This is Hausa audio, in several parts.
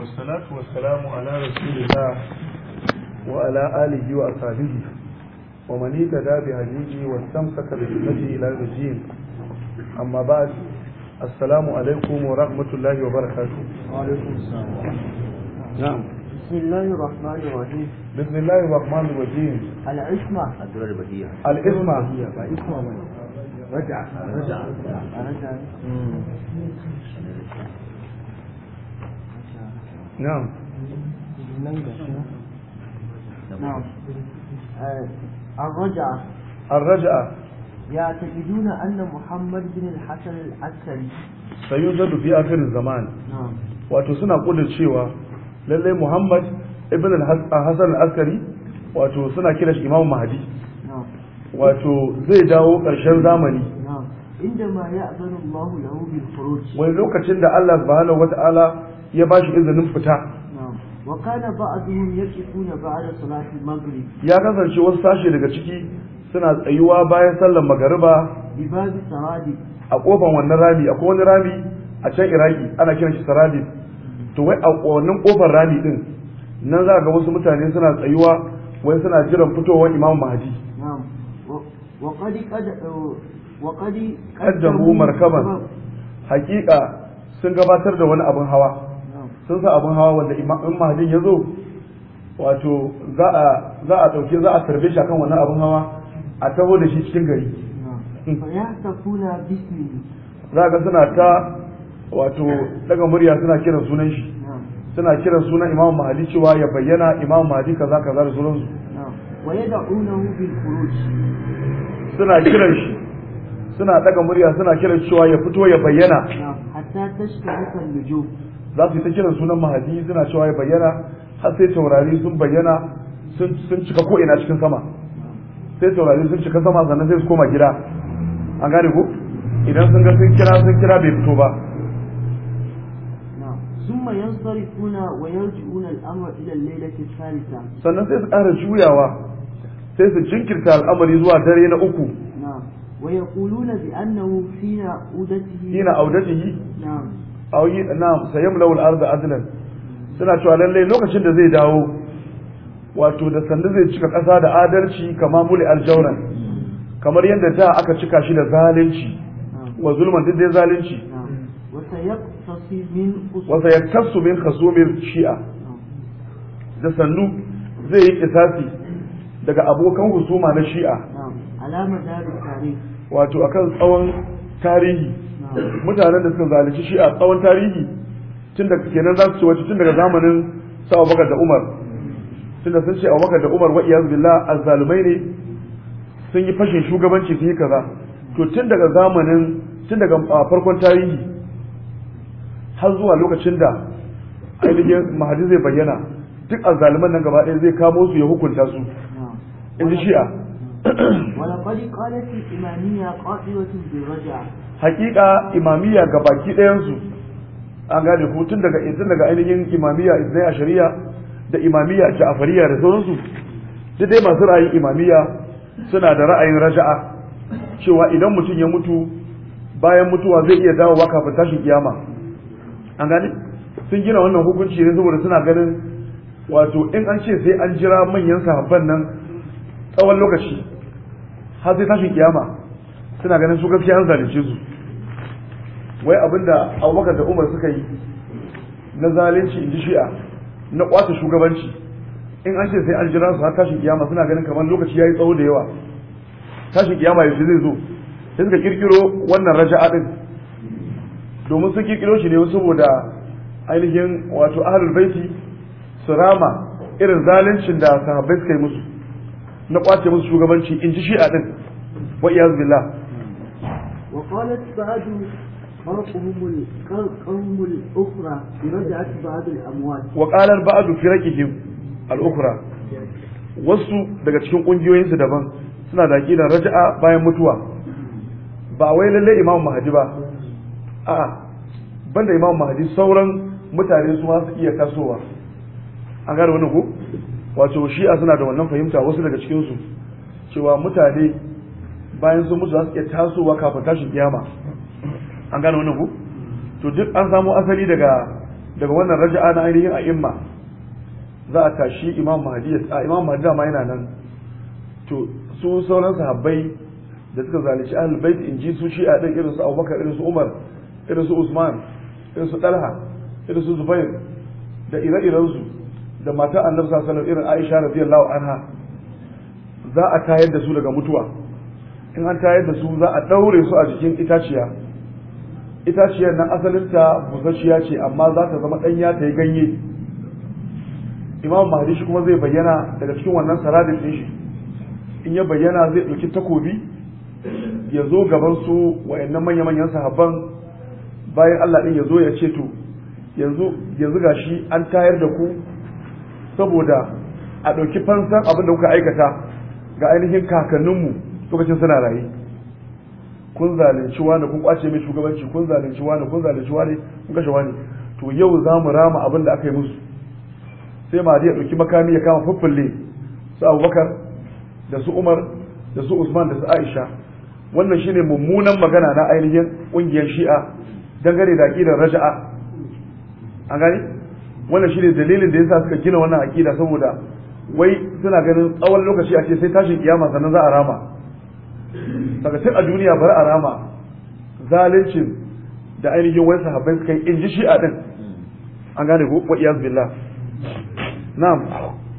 wasu salatu wa ala rasulillah wa ala alihi wa asalihi wa mani da dabi hajiji wa samsaka da jimaji ila rajin amma ba su alaikum wa rahmatullahi wa barakatu بسم الله الرحمن الرحيم بسم الله الرحمن الرحيم العصمة العصمة رجع رجع رجع na'am na'am الرجعة الرجعة يعتقدون أن محمد بن الحسن العسكري سيوجد في آخر الزمان نعم وتسنى قول الشيوة للي محمد ابن الحسن العسكري وتسنى كلاش إمام مهدي نعم وتزيد قرشان زامني نعم عندما يأذن الله له بالخروج وإن لوكتشن الله سبحانه وتعالى ya ba shi izinin fita wa kana kuna ba a salati maghrib ya kasance wasu sashe daga ciki suna tsayuwa bayan sallar magariba ibadi a kofan wannan rami akwai wani rami a can iraki ana kiran shi saradi to wai a wannan ƙofar rami din nan za ga wasu mutane suna tsayuwa wai suna jiran fitowar imam mahdi wa qad qaddamu markaban Hakika sun gabatar da wani abin hawa sun sa abin hawa wanda imamin mahajin ya zo wato za a ɗauke za a tarbe shi akan wannan abin hawa a taho da shi cikin gari za ga suna ta wato daga murya suna kiran sunan shi suna kiran sunan imam mahadi cewa ya bayyana imam mahadi kaza kaza da sunansu suna kiran shi suna daga murya suna kiran cewa ya fito ya bayyana hatta tashka nujum za su yi ta kiran sunan mahadi suna cewa ya bayyana har sai taurari sun bayyana sun cika ko ina cikin sama sai taurari sun cika sama sannan sai su koma gida an gane ko idan sun ga sun kira sun kira bai fito ba ثم ينصرفون ويرجعون الامر الى الليله الثالثه sannan sai su ƙara juyawa sai su jinkirta al'amari zuwa dare na uku ويقولون بأنه حين عودته حين عودته نعم auyi na na'am sayamlau arda adlan suna cewa lalle lokacin da zai dawo wato da sanda zai cika ƙasa da adalci kamar muli aljawran kamar yadda ta aka cika shi da zalunci wa zulman duk da zalunci wa yaktasu min khasumin shi'a da sannu zai yi kisasi daga abokan husuma na shi'a wato akan tsawon tarihi mutanen da suka zalunci shi a tsawon tarihi tun da kenan za su ci wace tun daga zamanin sa Abubakar da Umar tun da sun ce Abubakar da Umar wa iyazu billah azzalumai ne sun yi fashin shugabanci su yi kaza to tun daga zamanin tun daga farkon tarihi har zuwa lokacin da ainihin mahadi zai bayyana duk azzaluman nan gaba ɗaya zai kamo su ya hukunta su in ji shi'a ولقد قالت الإمامية قائلة بالرجعة hakika imamiyya ga baki ɗayansu an gane hutun daga tun daga ainihin imamiyya izinai a shari'a da imamiyya ja'afariya da sauransu duk dai masu ra'ayin imamiyya suna da ra'ayin raja'a cewa idan mutum ya mutu bayan mutuwa zai iya dawowa kafin tashin kiyama an gane sun gina wannan hukunci ne saboda suna ganin wato in an ce sai an jira manyan sahabban nan tsawon lokaci har sai tashin kiyama suna ganin su gaskiya an zalunce su wai abinda abubakar da umar suka yi na zalunci in ji shi'a na kwata shugabanci in an ce sai an jira su har tashin kiyama suna ganin kamar lokaci ya yi tsawo da yawa tashin kiyama yanzu zai zo sai suka kirkiro wannan raja'a din domin sun kirkiro shi ne saboda ainihin wato ahlul baiti su rama irin zaluncin da sahabbai suka yi musu na kwace musu shugabanci in ji shi'a din wa iyaz billah قالت بعد فرقهم القوم الأخرى برجعة بعض وقال البعض فرقهم الاخرى wasu daga cikin ƙungiyoyinsu daban suna da aƙidar raja'a bayan mutuwa ba wai lallai imamu Mahdi ba a'a banda imamu Mahdi sauran mutane su ma su iya kasowa an gada wani ku wato shi'a suna da wannan fahimta wasu daga cikinsu cewa mutane bayan sun mutu za su iya tasowa kafin tashin kiyama an gane wannan ku to duk an samo asali daga daga wannan raja'a na ainihin a'imma za a tashi imam mahdi a imam mahdi ma yana nan to su sauran sahabbai da suka zalunci ahlul bait in ji su a din irin su Abubakar irin su Umar irin su Usman irin su Talha irin su Zubair da ire-iren su da matar Annabi sallallahu alaihi wasallam irin Aisha radiyallahu anha za a tayar da su daga mutuwa in an tayar da su za a ɗaure su a jikin itaciya itaciyar nan asalinta busasshiya ce amma za ta zama ɗanya ta yi ganye imam mahdi shi kuma zai bayyana daga cikin wannan saradin ɗin shi in ya bayyana zai ɗauki takobi ya zo gaban su wayannan manya-manyan sahabban bayan Allah ɗin ya zo ya ce to yanzu ga shi an tayar da ku saboda a ɗauki fansan abin da kuka aikata ga ainihin kakanninmu lokacin suna rayu kun zalunci wani kun kwace mai shugabanci kun zalunci wani kun zalunci wani kun kashe wani to yau za mu rama abin da aka yi musu sai ma ya ɗauki makami ya kama fuffulle su abubakar da su umar da su usman da su aisha wannan shine mummunan magana na ainihin ƙungiyar shi'a dangane da aƙidar raja'a an gani wannan shine dalilin da yasa suka gina wannan aƙida saboda wai suna ganin tsawon lokaci a ce sai tashin kiyama sannan za a rama daga sai a duniya bari a rama zalincin da ainihin wani sahabbai suka yi in ji shi a din an gane ko wa iyaz billah na'am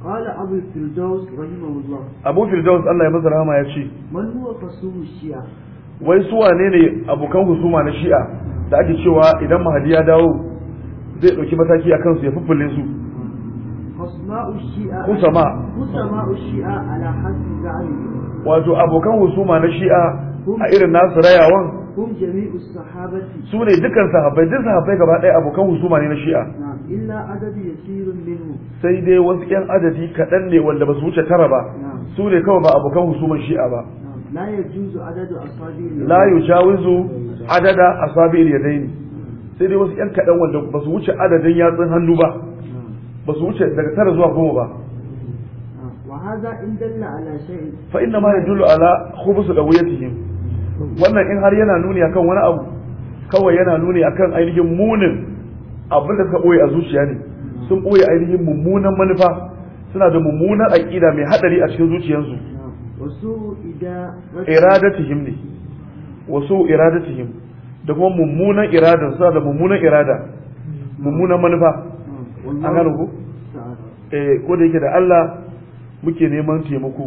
qala abu firdaus rahimahullah abu firdaus Allah ya masa rahama ya ce man huwa fasuhu shi'a wai su wane ne abokan husuma na shi'a da ake cewa idan mahadi ya dawo zai dauki mataki a kansu ya fuffulle su husama shi'a ala hasbi za'alihim wato abokan husuma na shi'a a irin nasu rayawan su ne dukkan sahabbai duk sahabbai gaba ɗaya abokan husuma ne na shi'a sai dai wasu ƴan adadi kaɗan ne wanda ba su wuce tara ba su ne kawai ba abokan husuman shi'a ba la yujawizu adada asabi'il yadaini sai dai wasu ƴan kaɗan wanda ba su wuce adadin yatsun hannu ba ba su wuce daga tara zuwa goma ba haza in dalla ala shay fa inna ma yadullu wannan in har yana nuni akan wani abu kawai yana nuni akan ainihin munin abin da suka boye a zuciya ne sun boye ainihin mummunan manufa suna da mummunan aqida mai haɗari a cikin zuciyarsu wasu iradatihim ne da kuma mummunan irada suna da mummunan irada mummunan manufa an gano ko eh ko da yake da Allah muke neman taimako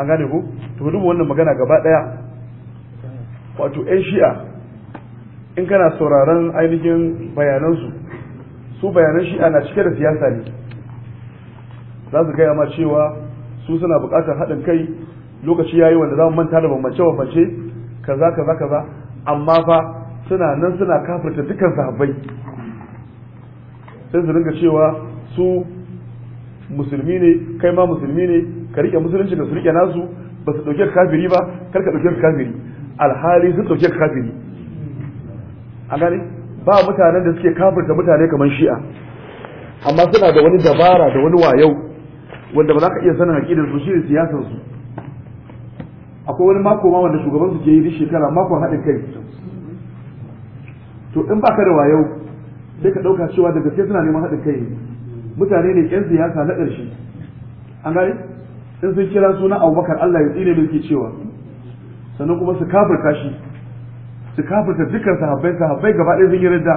an gane ko to duk wannan magana gaba daya wato yan shi'a in kana sauraron ainihin bayanansu su bayanan shi'a na cike da siyasa ne za su gaya ma cewa su suna buƙatar haɗin kai lokaci yayi wanda za mu manta da bambance bambance kaza kaza kaza amma fa suna nan suna kafirta dukkan sahabbai sai su ringa cewa su musulmi ne kai ma musulmi ne ka rike musulunci ka su rike nasu ba su dauke kafiri ba kar ka dauke kafiri alhali sun dauke kafiri a gane ba mutanen da suke kafirta mutane kamar shi'a amma suna da wani dabara da wani wayau wanda ba za ka iya sanin haƙidar su shine siyasar su akwai wani mako ma wanda shugaban su ke yi duk shekara makon haɗin kai to in ba ka da wayau sai ka ɗauka cewa daga sai suna neman haɗin kai mutane ne yan siyasa na ƙarshe an gane in sun kira suna abubakar allah ya tsine mai cewa sannan kuma su kafirta shi su kafirta dukkan sahabbai sahabbai gaba ɗaya sun yi ridda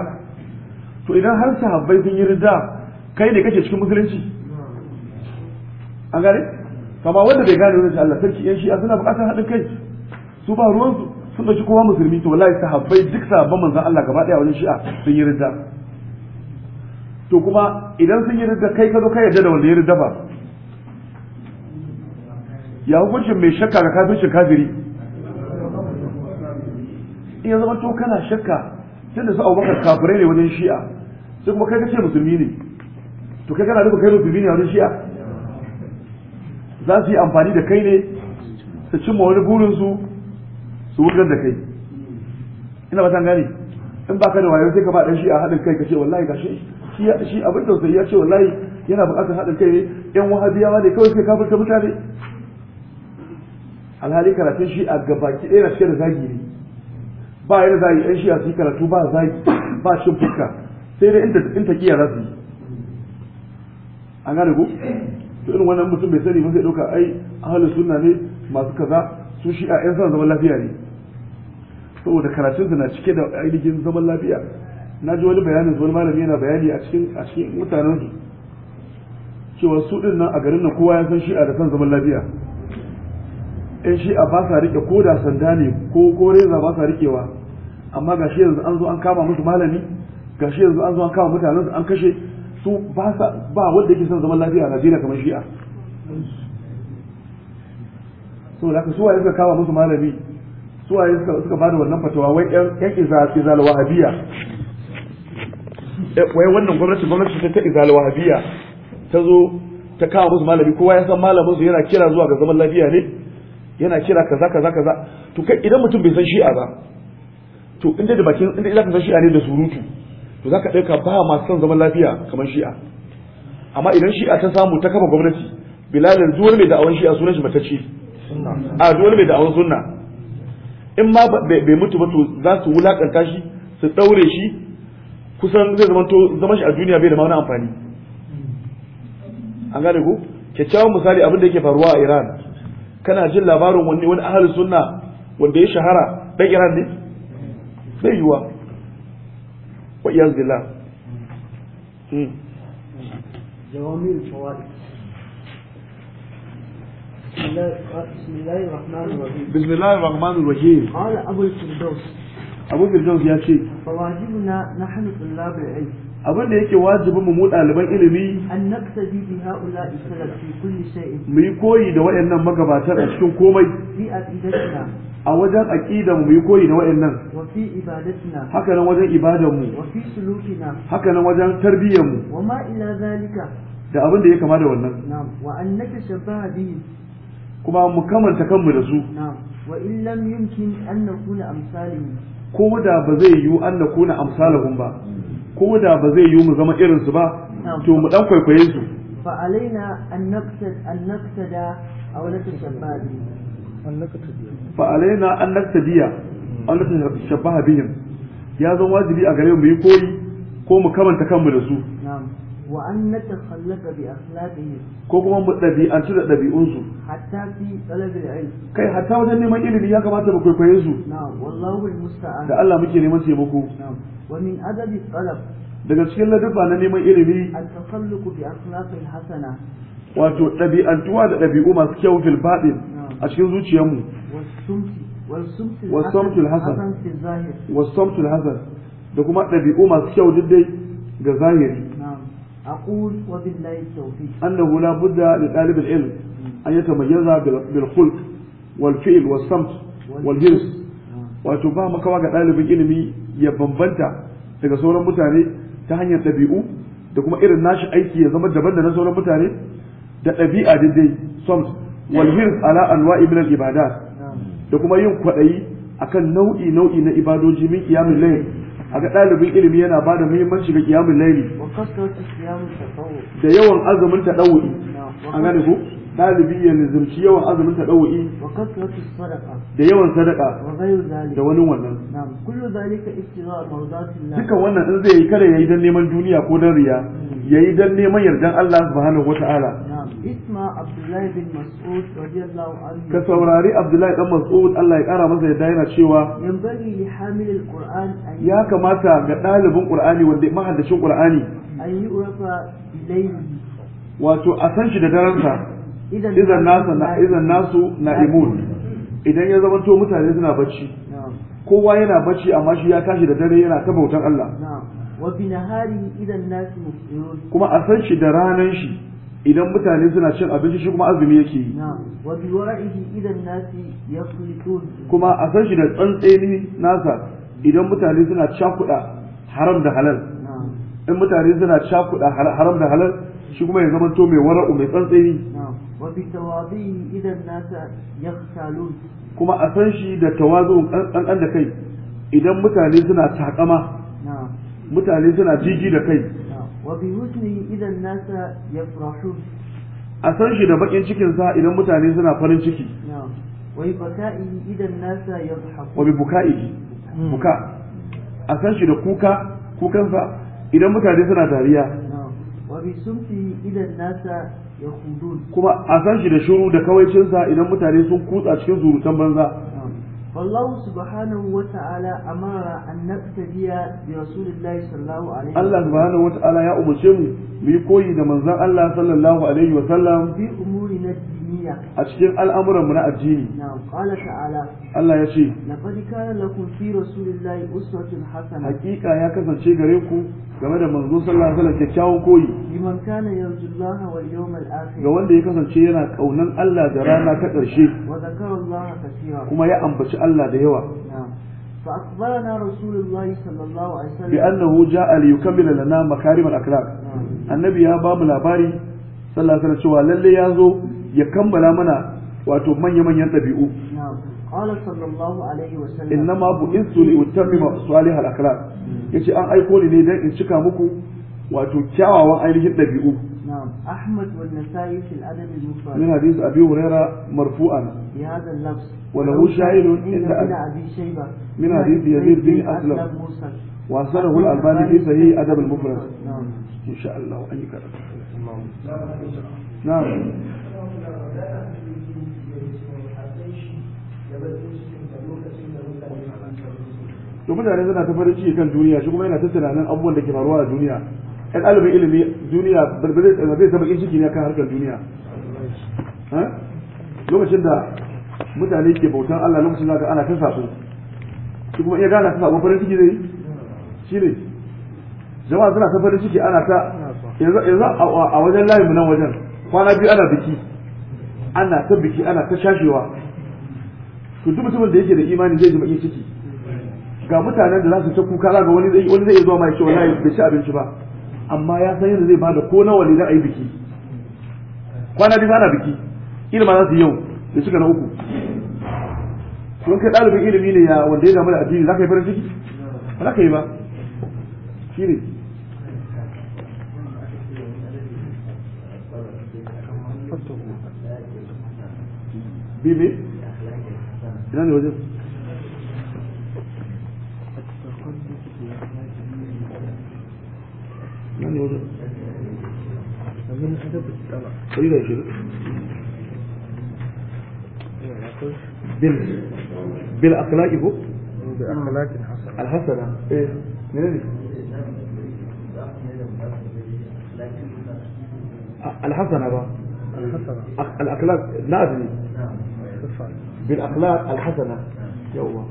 to idan har sahabbai sun yi ridda kai ne kake cikin musulunci an gane kama wanda bai gane wani Allah sarki yan shi'a suna buƙatar haɗin kai su ba ruwansu sun ɗauki kowa musulmi to wallahi sahabbai duk sahabban manzon Allah gaba ɗaya wajen shi'a sun yi ridda to kuma idan sun yi ridda kai ka zo ka da wanda ya ridda ba ya hukuncin mai shakka ga kafin kafiri in ya zama to kana shakka tunda su bakar kafirai ne wajen shi'a sai kuma kai ka ce musulmi ne to kai kana duka kai musulmi ne wajen shi'a za su yi amfani da kai ne su cimma wani burinsu su wurgar da kai ina ba gani, in baka da wayo sai ka ba dan shi'a haɗin kai ka ce wallahi gashi shi abin da ya ce wallahi yana buƙatar haɗin kai ne yan wahabiyawa ne kawai sai kafirta mutane alhali karatun shi a gaba ɗaya na cike da zagi ne ba yana zagi yan shi a su karatu ba zagi ba cin fuska sai dai in ta kiya za su yi an gane ku to irin wannan mutum bai sani ba sai ɗauka ai ahalin sunna ne masu kaza su shi a yan san zaman lafiya ne saboda karatun na cike da ainihin zaman lafiya na ji wani bayanin wani malami yana bayani a cikin a cikin mutanen su cewa su din nan a garin nan kowa ya san shi'a da san zaman lafiya in shi'a ba sa rike ko da sanda ne ko ko reza ba sa rikewa amma ga shi yanzu an zo an kama musu malami ga shi yanzu an zo an kama mutanen su an kashe su ba sa ba wanda yake son zaman lafiya a Najeriya kamar shi'a so da su waye suka kama musu malami su waye suka bada wannan fatawa wai yan izal izal wahabiyya Eh, wai wannan gwamnati gwamnati ta iza wahabiya ta zo ta kawo musu malami kowa ya san malamin su yana kira zuwa ga zaman lafiya ne yana kira kaza kaza kaza to kai idan mutum bai san shi'a ba to inda da bakin inda ka san shi'a ne da surutu to zaka dauka ba ma san zaman lafiya kamar shi'a amma idan shi'a ta samu ta kafa gwamnati bilalin duwar mai da'awan shi'a sunan shi matacce a duwar mai da'awan sunna in ma bai mutu ba to za su wulakanta shi su daure shi kusan zai zamanto zaman shi a duniya bai da wani amfani an gane ku kyakkyawan misali abin da yake faruwa a iran kana jin labarin wani wani ahalin sunna wanda ya shahara dan iran ne bai yiwa wa iyan zila بسم الله الرحمن الرحيم بسم الله الرحمن الرحيم قال ابو الفردوس abu firdaus ya ce fawajibuna na tullab al-ilm abin da yake wajibin mu mu ɗaliban ilimi an naqtadi bi kulli mu yi koyi da wayannan magabatan a cikin komai fi aqidatina a wajen aqida mu yi koyi da wayannan haka nan wajen ibadanmu. haka nan wajen tarbiyyar da abin da ya kama da wannan wa kuma mu kamanta kanmu da su wa in lam yumkin an nakuna amsalihim ko da ba zai yiwu an na kuna amsalahum ba ko da ba zai yiwu mu zama irin su ba to mu dan kwaikwaye su fa alaina an naqsad an naqsada an shababi fa alaina an naqsadiya awlatu shabaha bihim ya zama wajibi a gare mu yi koyi ko mu kamanta kanmu da su na'am wa an natakhallaqa bi akhlaqihim ko kuma mu dabi'antu da dabi'unsu hatta fi talabil ilm kai hatta wajen neman ilimi ya kamata mu kwaikwaye su na'am wallahu almusta'an da Allah muke neman taimako na'am wa min adabi talab daga cikin ladabba na neman ilimi at-takhalluqu bi akhlaqil hasana wato dabi'antuwa da dabi'u masu kyau fil batin a cikin zuciyarmu والصمت الحسن والصمت الحسن da kuma ɗabi'u masu kyau duk dai ga zahiri أقول وبالله التوفيق أنه لا بد لطالب العلم أن يتميز بالخلق والفعل والصمت والهرس wato ba makawa ga ɗalibin ilimi ya bambanta daga sauran mutane ta hanyar ɗabi'u da kuma irin nashi aiki ya zama daban da na sauran mutane da ɗabi'a daidai soms wal ala anwa'i min al da kuma yin kwaɗayi akan nau'i nau'i na ibadoji min qiyamul layl haka ɗalibin ilimi yana ba da muhimmanci ga kiyamun laili da yawan azumin taɗawu'i A gane ku ɗalibi ya nizimci yawan azumin taɗawu'i da yawan sadaka da wani wannan dukan wannan in zai yi kada ya yi don neman duniya ko don riya ya yi don neman yardan Allah subhanahu wa ta'ala ka saurari abdullahi dan mas'ud Allah ya kara masa yadda yana cewa ya kamata ga ɗalibin qur'ani wanda mahaddacin qur'ani wato a san shi da daransa idan na idan nasu na imun idan ya zama to mutane suna bacci kowa yana bacci amma shi ya tashi da dare yana ta bautan Allah kuma a san shi da ranan shi idan mutane suna cin abinci shi kuma azumi yake yi kuma a san shi da tsantseni nasa idan mutane suna cakuɗa haram da halal in mutane suna cakuɗa haram da halal shi kuma ya zama to mai wara'u mai tsantseni kuma a san shi da tawazu ɗanɗan da kai idan mutane suna takama mutane suna jigi da kai a إذا الناس يفرحون أسان شي cikin sa idan mutane suna farin ciki wai bukai idan nasa yadhaku wa bukai buka shi da kuka kukan sa idan mutane suna dariya wa bi sumti idan nasa yakhudun kuma asan shi da shuru da kawaicin sa idan mutane sun kutsa cikin zurutan banza فالله سبحانه وتعالى أمر أن نقتدي برسول الله صلى الله عليه وسلم الله سبحانه وتعالى يا أم شم ميكوي دمزان الله صلى الله عليه وسلم في أمور a cikin al'amuranmu na addini Allah ya ce hakika ya kasance gare ku game da manzon sallallahu alaihi wasallam kyakkyawan koyi ga wanda ya kasance yana kaunan Allah da rana ta ƙarshe kuma ya ambaci Allah da yawa فأخبرنا رسول الله صلى الله عليه وسلم بأنه جاء ليكمل لنا مكارم الأخلاق النبي يا باب الأباري صلى الله عليه وسلم للي يازو ya kammala mana wato manya-manyan ɗabi'u qala sallallahu alaihi wa sallam innama bu'istu li utammima salih al yace an aiko ni ne don in cika muku wato kyawawan ainihin ɗabi'u ahmad nasai fil adab al mufrad min hadith abi marfu'an bi hadha al lafz wa lahu shahidun inda abi shayba min hadith yazid bin aslam wa sanahu al albani fi sahih adab al mufrad insha Allah an yi na'am to mutane suna ta farin ciki kan duniya shi kuma yana ta tunanin abubuwan da ke faruwa a duniya ɗan ɗalibin ilimi duniya zai ta bakin ciki ne kan harkar duniya lokacin da mutane ke bautan Allah lokacin da ana ta sako shi kuma iya gana ta sako farin ciki zai shi ne jama'a suna ta farin ciki ana ta yanzu a wajen layin nan wajen kwana biyu ana biki ana ta biki ana ta shashewa to duk mutumin da yake da imani zai ji bakin ciki ga mutanen da za su ce kuka za ga wani zai wani zai zuwa mai cewa wallahi bai ci abinci ba amma ya san yadda zai bada ko nawa ne dan ayi biki kwana biyu ana biki ilima za su yau da suka na uku don kai ɗalibin ilimi ne ya wanda ya damu da addini za ka yi farin ciki ba za ka yi ba shi ne bibi ina ne wajen من يوجد من أدب بال بالأخلاق بالأخلاق الحسنة الحسنة إيه من الحسنة بقى الحسنة الأخلاق لازم بالأخلاق الحسنة يوا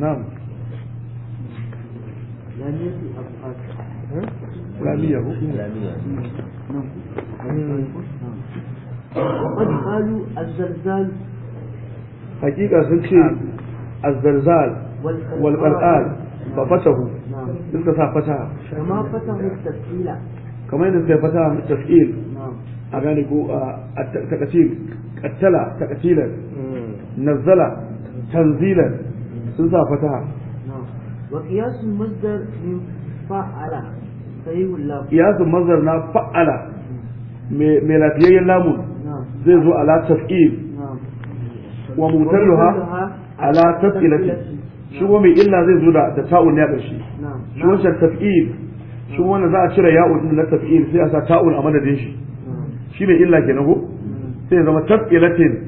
نعم يعني إسلاميه وقد قالوا الزلزال حقيقة سنشي نعم. الزلزال والقرآن نعم. ففتحه نعم كما فتح التفكيل كما ينسى فتح التفكيل نعم أغاني قوة آه، التكتيل التلا تكتيلا نزل تنزيلا سنسى فتح نعم وقياس المزدر من فعلا kiyasun mazhar na fa'ala mai lafiyayyen lamun zai zo ala taf'il wa mutalluha ala taf'ilati shi mai illa zai zo da ta'un a ƙarshe, shi wancan taf'il shi wanda za a cire ya'un din na taf'il sai a sa ta'un a madadin shi shi mai illa kenan ko sai zama taf'ilatin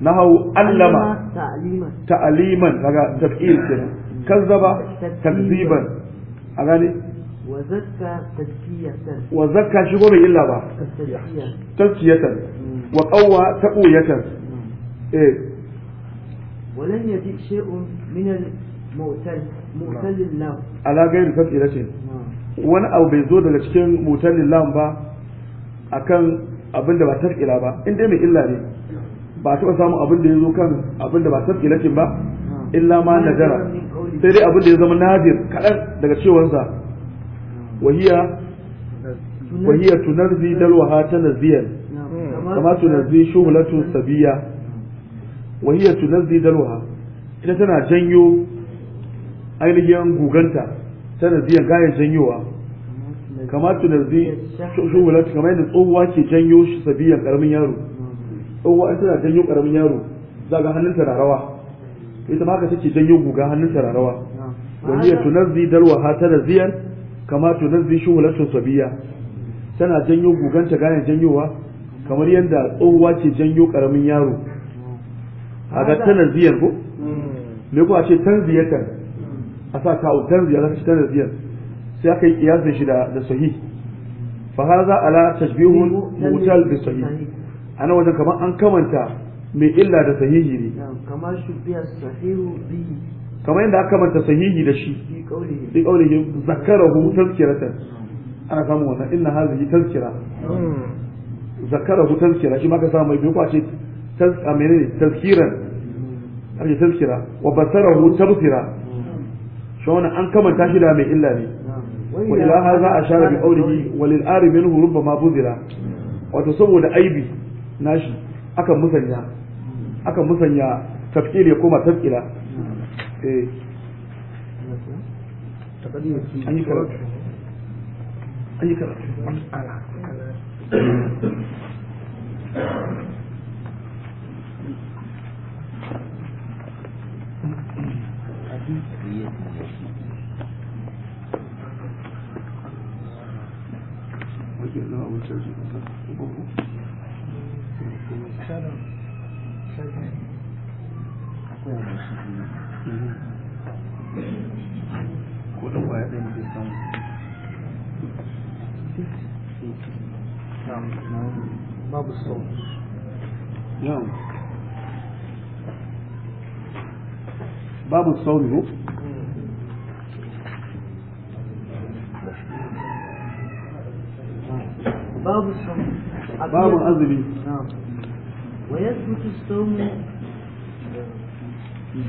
nahawu allama ta'aliman daga taf'il kenan kazzaba takziban a gane wa zakka shi gobe illa ba tazkiyatan wa qawwa taqwiyatan eh walan yati shay'un min al-mu'tal mu'tal lillah ala ghairi tazkiyatin wani abu bai zo daga cikin mu'tal lillah ba akan abin da ba tazkila ba in dai mai illa ne ba taɓa samun abin da ya zo kan abin da ba tazkilatin ba illa ma najara sai dai abin da ya zama nadir kaɗan daga cewansa wahiya wahiya tunarzi dalwaha tanziyan kama tunarzi shuhlatu sabiya wahiya tunarzi dalwaha ita tana janyo ainihin guganta tana ziyan gayan janyowa kama tunarzi shuhlatu kama yadda tsohuwa janyo shi sabiyan karamin yaro tsohuwa tana janyo karamin yaro za ga hannunta na ita ma take janyo guga hannunta kama tunazzi shuhulatun sabiya tana janyo guganta gane janyowa kamar yadda tsohuwa ce janyo karamin yaro a ga tanar ziyar ko hmm. me ko a ce tanziyatan a sa ta tanziya za ta ci tanar ziyar sai aka yi kiyasin shi da sahi. fa hadha ala tashbihun mutal bi a ana wajen kamar an kamanta mai illa da sahihi ne sahihu kamar yadda aka manta sahihi da shi bi qawlihi zakarahu tazkiratan ana samun wannan inna hadhihi tazkira hmm. zakarahu tazkira shi ma ka samu mai biyu kwace tazkira menene tazkiran hmm. ake tazkira wa basarahu tabsira hmm. shi wannan an kamanta shi da mai illa ne wa ila hadha ashara bi qawlihi wa lil ari minhu rubbama buzira wato saboda aibi nashi akan musanya akan musanya tafkir ya koma tazkira ايه تقديم أي كلام أي كلام Thank you. kudin kwaya babu sau babu ne babu babu ويثبت الصوم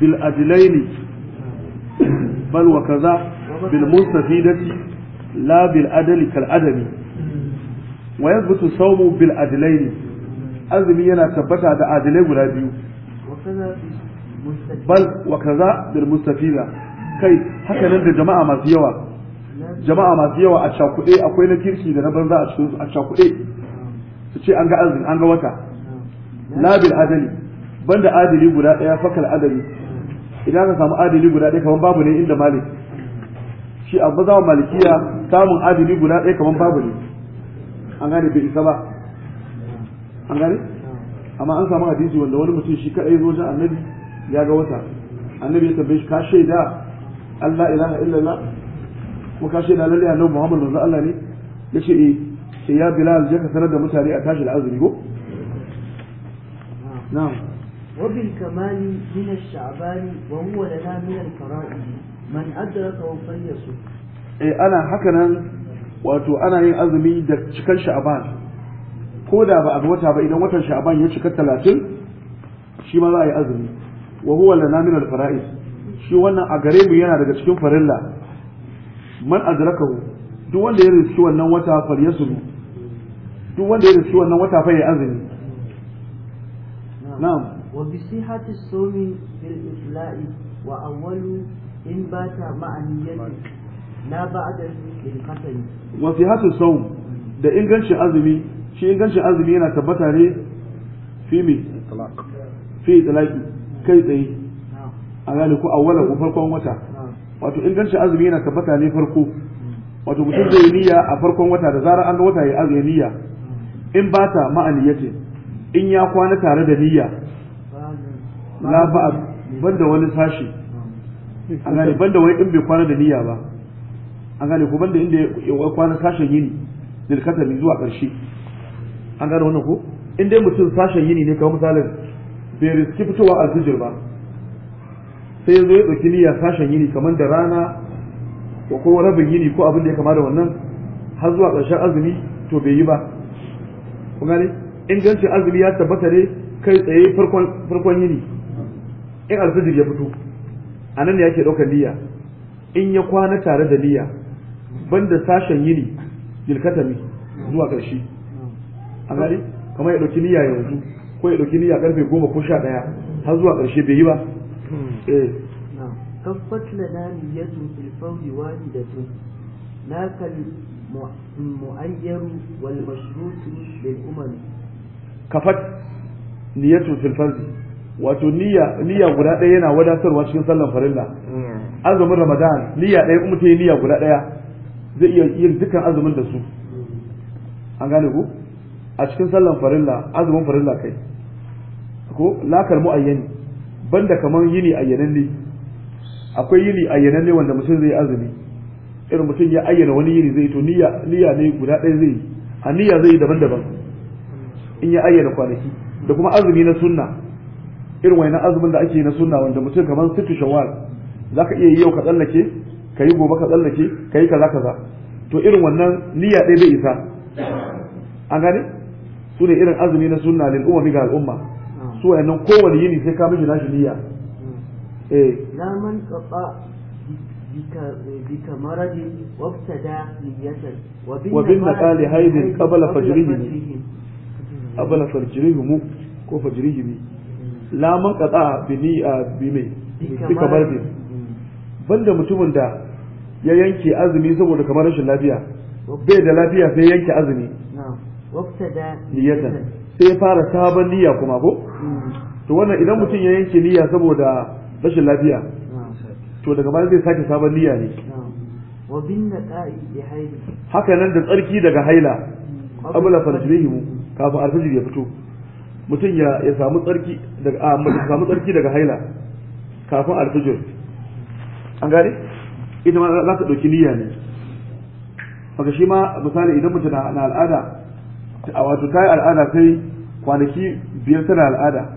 bil ajlaini bal wa kaza bil mustafidati la bil adali kal adami wa yathbutu sawmu bil ajlaini azumi yana tabbata da adilai guda biyu bal wa kaza bil mustafida kai haka da jama'a masu yawa jama'a masu yawa a cakuɗe akwai na kirki da na banza a cikin a cakuɗe su ce an ga azumi an ga wata labil adali banda adili guda daya fakal adali idan ka samu adili guda daya kaman babu ne inda malik shi abu za malikiya samun adili guda daya kaman babu ne an gane bai isa ba an gane amma an samu hadisi wanda wani mutum shi kadai zo wajen annabi ya ga wata annabi ya tambaye shi ka shaida Allah ilaha illallah kuma ka shaida lalle annabi Muhammad manzo Allah ne yace eh sai ya bilal je ka sanar da mutane a tashi da azumi ko na'am وبالكمال من الشعبان وهو لنا من الفرائض من أدركه فليصم أنا هكذا wato ana yin azumi da cikan sha'ban ko da ba a ga wata ba idan watan sha'ban ya cika talatin shi ma za a yi azumi wa huwa lana min al fara'is shi wannan a gare mu yana daga cikin farilla man adrakahu duk wanda ya riski wannan wata far zumi duk wanda ya riski wannan wata fa ya azumi na'am وبصحة الصوم بالإطلاع وأول إن بات مع نية لا بعد Wasu وصحة الصوم da ingancin azumi shi ingancin azumi yana tabbata ne fi mi fi tsalaki, kai tsaye a gane ko awwalan ko farkon wata wato ingancin azumi yana tabbata ne farko wato mutum zai niyya a farkon wata da zarar an wata ya azumi niyya in ba ta ma'ani ma'aniyatin in ya kwana tare da niyya la ba'a banda wani sashi an gane banda wai in bai kwana da niyya ba an gane ko banda inda ya kwana sashen yini dilkatar zuwa ƙarshe an gane wannan ko in dai mutum sashen yini ne kamar misalin bai riski fitowa alfijir ba sai zo ya ɗauki niyya sashen yini kamar da rana ko ko rabin yini ko abin da ya kama da wannan har zuwa ƙarshen azumi to bai yi ba kun gane ingancin azumi ya tabbata ne kai tsaye farkon yini in alfijir ya fito a nan ne ake ɗaukar niyya in ya kwana tare da niyya banda sashen yini lilkatami zuwa ƙarshe a gari kamar ya ɗauki niyya yanzu ko ya ɗauki niyya ƙarfe goma ko sha ɗaya har zuwa ƙarshe bai yi ba wani da نية na kan واردة wal المؤير والمشروط للأمم كفت نية في الفرد wato niyya niyya guda ɗaya yana wadatarwa cikin sallan farilla hmm. azumin ramadan niyya ɗaya kuma ta yi niyya guda ɗaya zai iya yin dukkan azumin da su an gane ku a cikin sallan farilla azumin farilla kai ko mu ayyani banda kaman yini ne akwai yini ne wanda mutum zai azumi irin mutum ya ayyana wani yini zai to niyya niyya ne guda ɗaya zai a niyya zai daban-daban in ya ayyana kwanaki da kuma azumi na sunna irin wani azumin da ake na sunna wanda mutum kamar shawar za ka iya yi yau ka tsallake ka yi gobe ka tsallake ka yi kaza kaza to irin wannan niyya ɗaya bai isa an gane su ne irin azumi na sunna lil umma ga al'umma su wayannan kowane yini sai ka miji nashi niyya eh laman qata بكمرض وابتدى نية وبالنقال هيد قبل فجره قبل mu ko fajirihimi laman kaza bini a ah, bime bi kamar bi banda mutumin da ya yanke azumi saboda kamar rashin lafiya bai da lafiya sai yanke azumi niyyata sai fara sabon niyya kuma ko mm. to wannan idan mutum ya yanke niyya saboda rashin lafiya to daga baya zai sake sabon niyya ne haka nan da tsarki daga haila mm. abula farjihimu kafin alfajir ya fito mutum ya samu tsarki daga a samu tsarki daga haila kafin alfijir an gane ita ma za ta ɗauki niyya ne haka shi ma misali idan mutum na al'ada a wato ta yi al'ada sai kwanaki biyar tana al'ada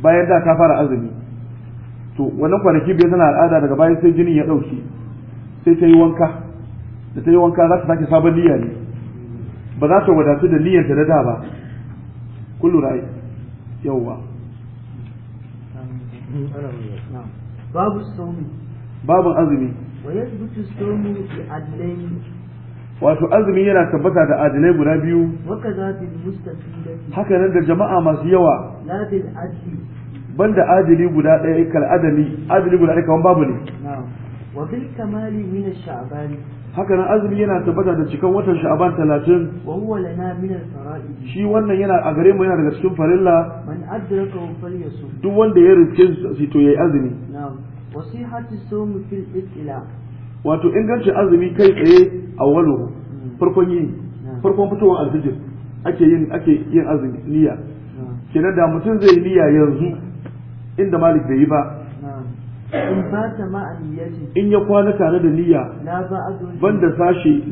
bayan da ta fara azumi to wannan kwanaki biyar tana al'ada daga bayan sai jinin ya ɗauki. sai ta yi wanka da ta yi wanka za ta sake sabon niyya ne ba za ta wadatu da ta da da ba kullu rai yawwa babu saumi babu azumi wa yathbutu sawmu bi adlain wato azumi yana tabbata da adalai guda biyu haka nan da jama'a masu yawa banda adali guda ɗaya kal adali adali guda ɗaya kawan babu ne wa bil kamali min ash-sha'bani haka nan azumi yana tabbata da cikan watan sha'aban talatin wa huwa lana min al-fara'id shi wannan yana a gare mu yana daga cikin farilla man adraka falyasum duk wanda ya rike shi to yayi azumi na'am wasihatu fil wato ingancin azumi kai tsaye awwalu hmm. farkon yi farkon fitowar alfijir ake yin ake yin azumi niyya kenan da mutum zai niyya yanzu inda malik bai yi ba in ba ta ma in ya kwana tare da niyya ban da sashe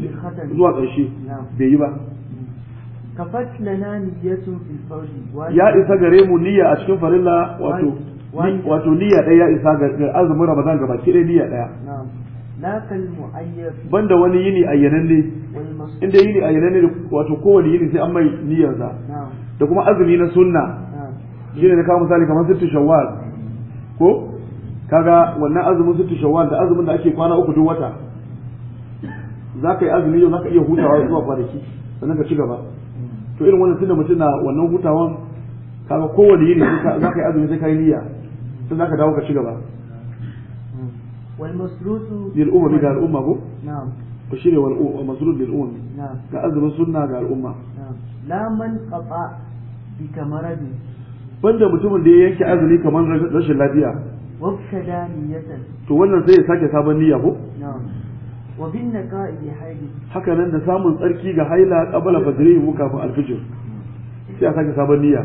zuwa ƙarshe bai yi ba kafat lana fil ya isa gare mu niyya a cikin farilla wato wato niyya ɗaya ya isa ga azumin ramadan gaba ki ɗaya niyya ɗaya banda wani yini ne inda yini ne wato kowane yini sai an mai niyyarsa da kuma azumi na sunna shine da kawo misali kamar sittu shawwal ko kaga wannan azumin sittu shawwal da azumin da ake kwana uku duk wata za ka yi azumi yau za ka iya hutawa zuwa kwanaki sannan ka ci gaba to irin wannan tunda mutum na wannan hutawan kaga kowane yini za ka yi azumi sai ka yi niyya sai za ka dawo ka ci gaba والمسرود للأمم إذا الأمة بو نعم بشير والمسرود للأمم azumin كأذب ga إذا الأمة نعم la man قطع bi kamaradi banda mutumin da ya yanke azumi kamar rashin lafiya wabtada niyatan to wannan sai ya sake sabon niyya ko na'am wa bin naqa'i haili haka nan da samun tsarki ga haila qabla fajri mu kafin alfijir sai ya sake sabon niyya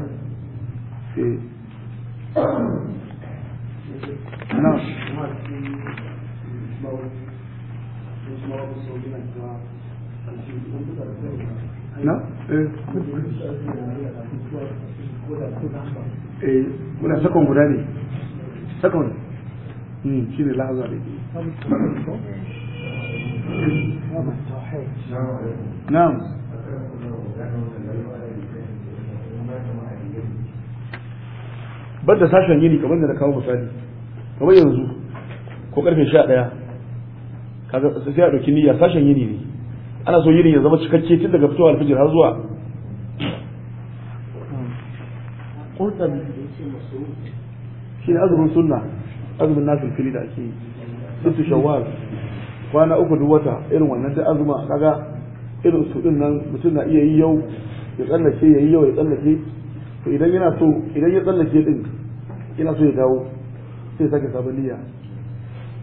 eh na'am na? eh eh sakon guda ne second hmm, da sashen yini kamar da na kawo misali kamar yanzu ko karfe sha ɗaya sai a ɗauki niyya sashen yini ne ana so yini ya zama cikakke tun daga fitowa alfijir har zuwa shi ne azumin sunna azumin nasir fili da ake yi sittu shawwal kwana uku duk wata irin wannan sai azuma kaga irin su din nan mutum na iya yi yau ya tsallake ya yi yau ya tsallake to idan yana so idan ya tsallake din yana so ya dawo sai sake sabon niyya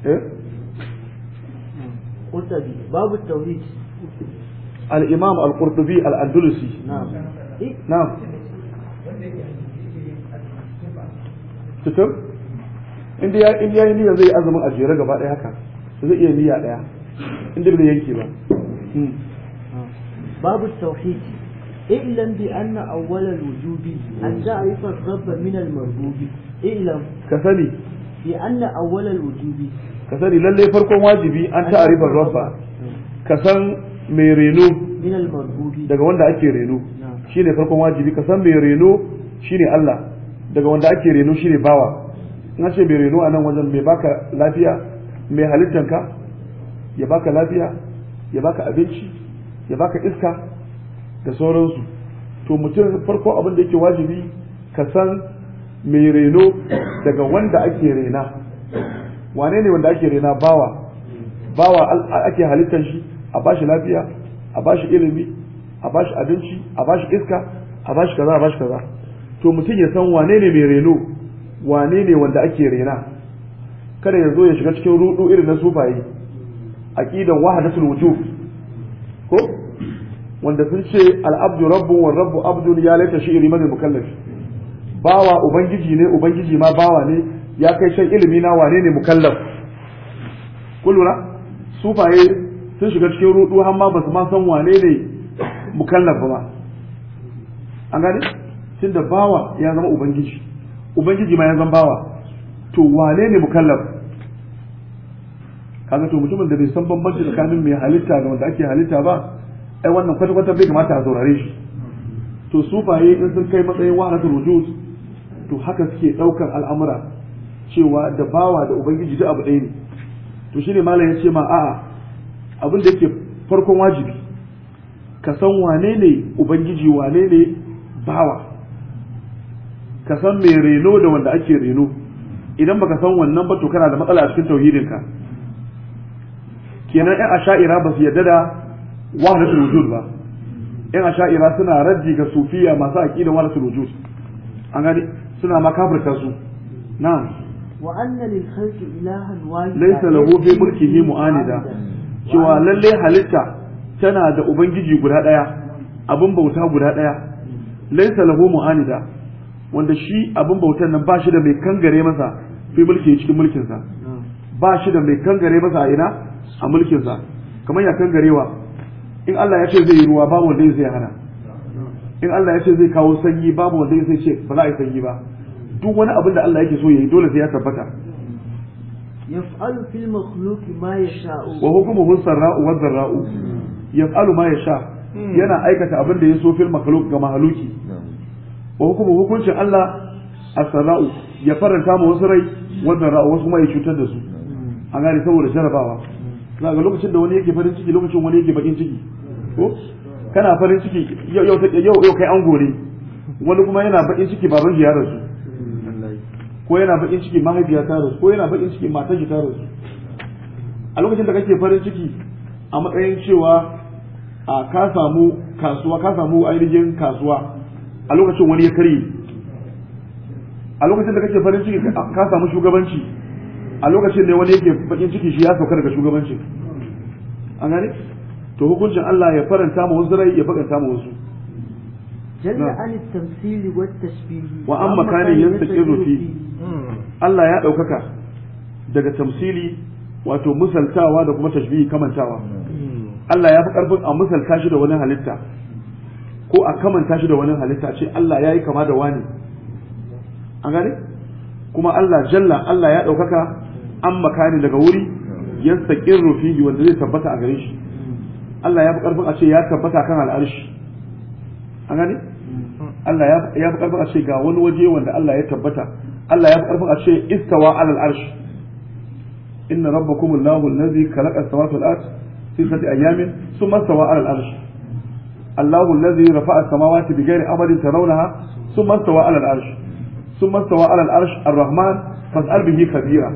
eh babu tawhid al-imam al-qurtubi al-andalusi na'am na'am fitar inda ya yi niyyar zai yi azumin ajiyar gaba ɗaya haka zai iya niyya ɗaya inda bai yanke ba hmm. babu tauhidi ilan bi anna awwala wujubi an za a yi farfarfa min al-mardubi ilan ka sani bi anna awwala wujubi ka sani lalle farkon wajibi an ta'arifa rabba ka san me reno daga wanda ake reno shine farkon wajibi ka san me reno shine Allah daga wanda ake reno ne bawa na ce mai reno a nan wajen mai baka lafiya mai halittanka ya baka lafiya ya baka abinci ya baka iska da sauransu to mutum farko abin da yake wajibi ka san mai reno daga wanda ake rena wane ne wanda ake rena bawa bawa ake halittar shi a bashi lafiya a bashi ilimi a bashi abinci a bashi iska a bashi kaza a bashi kaza to mutum ya san wane ne mai reno wane ne wanda ake rena kada ya zo ya shiga cikin rudu irin na sufaye A aqidan wahdatul wujud ko wanda sun ce al-abdu rabbu wa rabbu abdun ya laita shi'ri mai mukallaf bawa ubangiji ne ubangiji ma bawa ne ya kai shan ilimi na wane ne mukallaf kullura sufaye sun shiga cikin rudu har ma ba su ma san wane ne mukallaf ba an gane tunda bawa ya zama ubangiji ubangiji ma ya zama bawa to wane ne mukallaf kaga to mutumin da bai san bambanci tsakanin mai halitta da wanda ake halitta ba ai wannan kwata kwata bai kamata a zaurare shi to sufaye in sun kai matsayin wahalatul wujud to haka suke daukar al'amura cewa da bawa da ubangiji duk abu ɗaya ne to shine malam ya ce ma a'a abin da yake farkon wajibi ka san wane ne ubangiji wane ne bawa ka san mai reno da wanda ake reno idan baka san wannan ba to kana da matsala a cikin tauhidinka kenan yan asha'ira ba su yarda da wahdatul wujud ba yan asha'ira suna raddi ga sufiya masu aqidan wahdatul wujud an gani suna makafirta su na'am wa anna lil khalqi ilahan wahid laysa lahu fi mulkihi mu'anida cewa lalle halitta tana da ubangiji guda daya abin bauta guda daya laysa lahu mu'anida wanda shi abin bautar nan ba shi da mai kangare masa fi mulki cikin mulkinsa ba shi da mai kangare masa a ina a mulkinsa kamar ya kangarewa in Allah ya ce zai yi ruwa babu wanda zai hana in Allah ya ce zai kawo sanyi babu wanda zai ce ba za a yi sanyi ba duk wani abin da Allah yake so yayi dole sai ya tabbata yaf'al fil makhluq ma yasha'u wa hukmuhu sarra'u wa dharra'u yaf'alu ma yasha hmm. yana aikata abin da ya so fil ko kuma hukuncin Allah a sanau ya faranta mu wasu rai wannan ra'u wasu kuma ya cutar da su an gane saboda jarabawa za ga lokacin da wani yake farin ciki lokacin wani yake bakin ciki ko kana farin ciki yau yau yau kai an gore wani kuma yana bakin ciki baban ya rasu ko yana bakin ciki mahaifiya ta rasu ko yana bakin ciki matar ta rasu a lokacin da kake farin ciki a matsayin cewa a ka samu kasuwa ka samu ainihin kasuwa a lokacin wani ya karye a lokacin da kake farin ciki ka samu shugabanci a lokacin da wani yake bakin ciki shi ya sauka daga shugabanci an gane to hukuncin Allah ya faranta ma wasu rai ya faranta ma wasu jalla an tamthil wa tashbih wa amma kana yantaqiru fi Allah ya daukaka daga tamsili wato misaltawa da kuma tashbihi kamantawa hmm. Allah ya fi karfin a misalta shi da wani halitta ko a kamanta shi da wani halitta ce Allah ya yi kama da wani an gane kuma Allah jalla Allah ya ɗaukaka an makani daga wuri ya saƙin rufihi wanda zai tabbata a gare shi Allah ya fi ƙarfin a ce ya tabbata kan al'arshi an gane Allah ya fi ƙarfin a ce ga wani waje wanda Allah ya tabbata Allah ya fi ƙarfin a ce istawa alal arshi inna rabbakum Allahu allazi khalaqa as-samawati wal ardi fi sittati ayamin thumma istawa alal arshi Allahu allazi rafa'a samawati bighairi amadin tarawnaha thumma stawa 'ala al-'arsh thumma stawa al rahman fas'al bihi khabira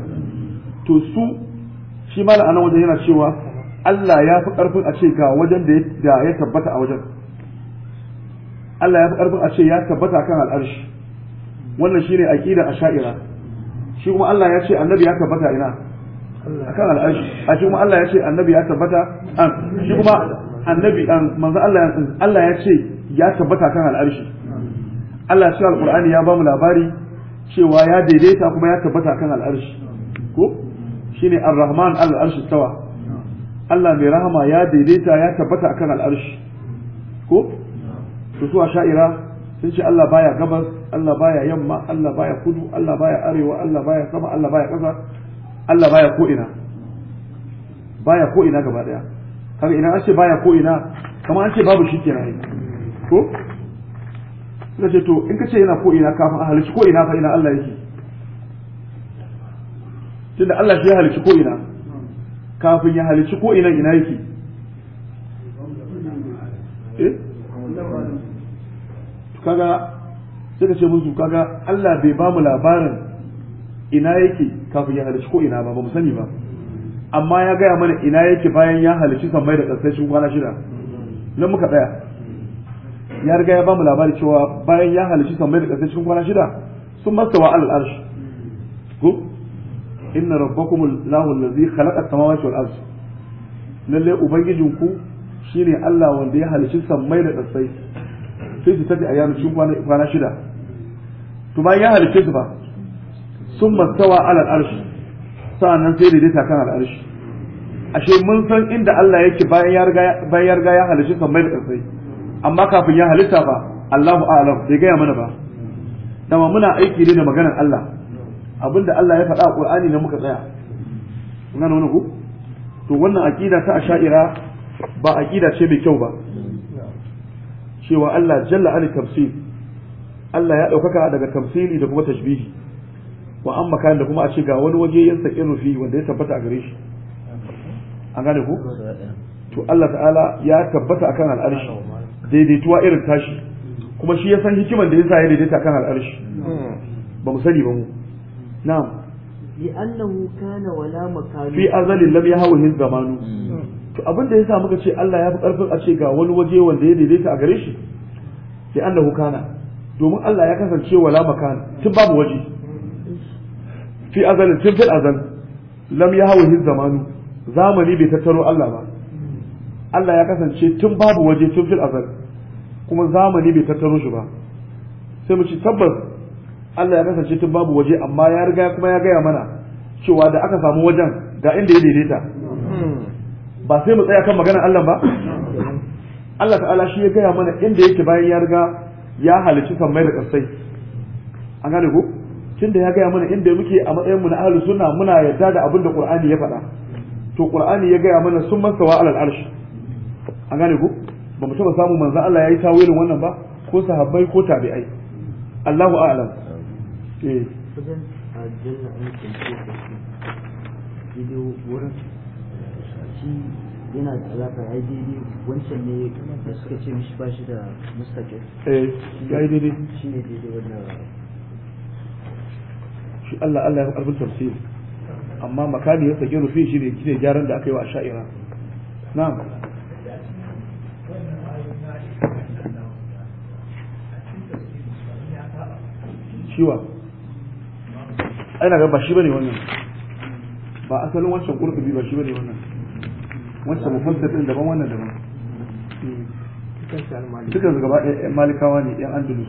to su shi wajen yana cewa Allah ya fi ƙarfin a ce ga wajen da ya tabbata a wajen Allah ya fi ƙarfin a ce ya tabbata kan al-'arsh wannan shine a sha'ira. shi kuma Allah ya ce annabi ya tabbata ina akan al'arshi a shi kuma Allah ya ce annabi ya tabbata an shi kuma annabi manzo Allah ya Allah ya ce ya tabbata kan al'arshi Allah ya cikin alqur'ani ya bamu labari cewa ya daidaita kuma ya tabbata kan al'arshi ko shine ar-rahman al-arshi tawa Allah mai rahama ya daidaita ya tabbata kan al'arshi ko to su sha'ira sun ce Allah baya gabas Allah baya yamma Allah baya kudu Allah baya arewa Allah baya sama Allah baya ƙasa Allah baya ko ina baya ko ina gaba daya kaga ina an ce baya ko ina kamar an ce babu shi kenan ko suka ce to in ka ce yana ko ina kafin a halici ko ina fa ina Allah yake tunda Allah shi ya halici ko ina kafin ya halici ko ina ina yake eh kaga sai ka ce musu kaga Allah bai ba mu labarin ina yake kafin ya halici ko ina ba ba mu sani ba amma ya gaya mana ina yake bayan ya halici mai da kasai cikin kwana shida nan muka tsaya ya riga ya ba mu labari cewa bayan ya halici mai da kasai cikin kwana shida sun mastawa alal arsh ko inna rabbakum lahu allazi khalaqa as-samawati wal arsh lalle ku shine Allah wanda ya halici mai da kasai sai su tafi a yana cikin kwana shida to bayan ya halice su ba sun wa alal arsh nan sai daidaita kan al'arshi ashe mun san inda Allah yake bayan ya riga bayan ya riga ya halitta kan mai da ƙarfi amma kafin ya halitta ba Allahu a'lam bai gaya mana ba dama muna aiki ne da maganar Allah abinda Allah ya faɗa a Qur'ani ne muka tsaya kuna nuna ku to wannan aqida ta asha'ira ba aqida ce mai kyau ba cewa Allah jalla ali tafsir Allah ya ɗaukaka daga tamsili da kuma tashbihi wa an makan da kuma a ce ga wani waje ya saki rufi wanda ya tabbata a gare shi an gane ku to Allah ta'ala ya tabbata akan al'arshi daidaituwa irin tashi kuma shi ya san hikiman da yasa ya daidaita akan al'arshi ba mu sani ba mu na'am li'annahu kana wala makani. fi azalin lam yahwihi zamanu hmm. to abin da yasa muka ce Allah ya fi karfin a ce ga wani waje wanda ya daidaita a gare shi li'annahu kana domin Allah ya kasance wala makani. tun babu waje fi azalin tun fil azal lam ya hawa zamanu zamani bai tattaro Allah ba Allah ya kasance tun babu waje tun fil azal kuma zamani bai tattaro shi ba sai mu ci tabbas Allah ya kasance tun babu waje amma ya riga kuma ya gaya mana cewa da aka samu wajen ga inda ya daidaita ba sai mu tsaya kan maganar Allah ba Allah ta'ala shi ya gaya mana inda yake bayan ya riga ya halicci sammai da kasai an gane ko tunda ya gaya mana inda muke a matsayin mu na ahlus sunna muna yarda da abin da qur'ani ya faɗa to qur'ani ya gaya mana sun masawa alal arsh an gane ku ba mu taba samu manzon Allah yayi tawilin wannan ba ko sahabbai ko tabi'ai Allahu a'lam eh, eh yana da alaka ya daidai wancan ne da suka ce mishi ba shi da mustaƙil eh ya daidai shi ne daidai wannan shi Allah Allah ya fi karfin tafsiri amma makami ya sake rufi shi ne shine gyaran da aka yi wa asha'ira na'am shiwa aina ga ba shi bane wannan ba asalin wancan kurkubi ba shi bane wannan wancan mufassir din daban wannan daban Sukan hmm. su gaba ɗaya malikawa ne yan andalus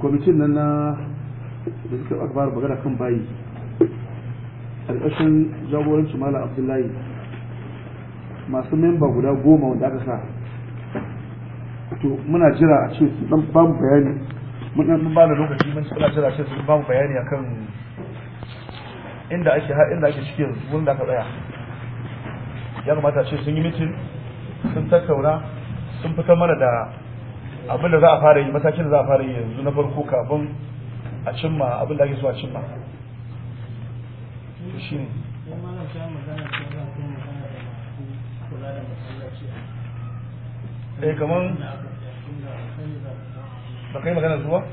kwamitin nan na da suka aka fara magana kan bayi ƙarƙashin jagorancin malam abdullahi masu memba guda goma wanda aka sa to muna jira a ce su dan bamu bayani mun dan ba da lokaci mun suna jira a ce su bamu bayani akan inda ake har inda ake cikin wurin da aka tsaya ya kamata a ce sun yi mitin sun tattauna sun fitar mana da abin da za a fara yi matakin da za a fara yi yanzu na farko kafin a cimma abin da ake so a cimma shi ne eh, kamar ba kai magana zuwa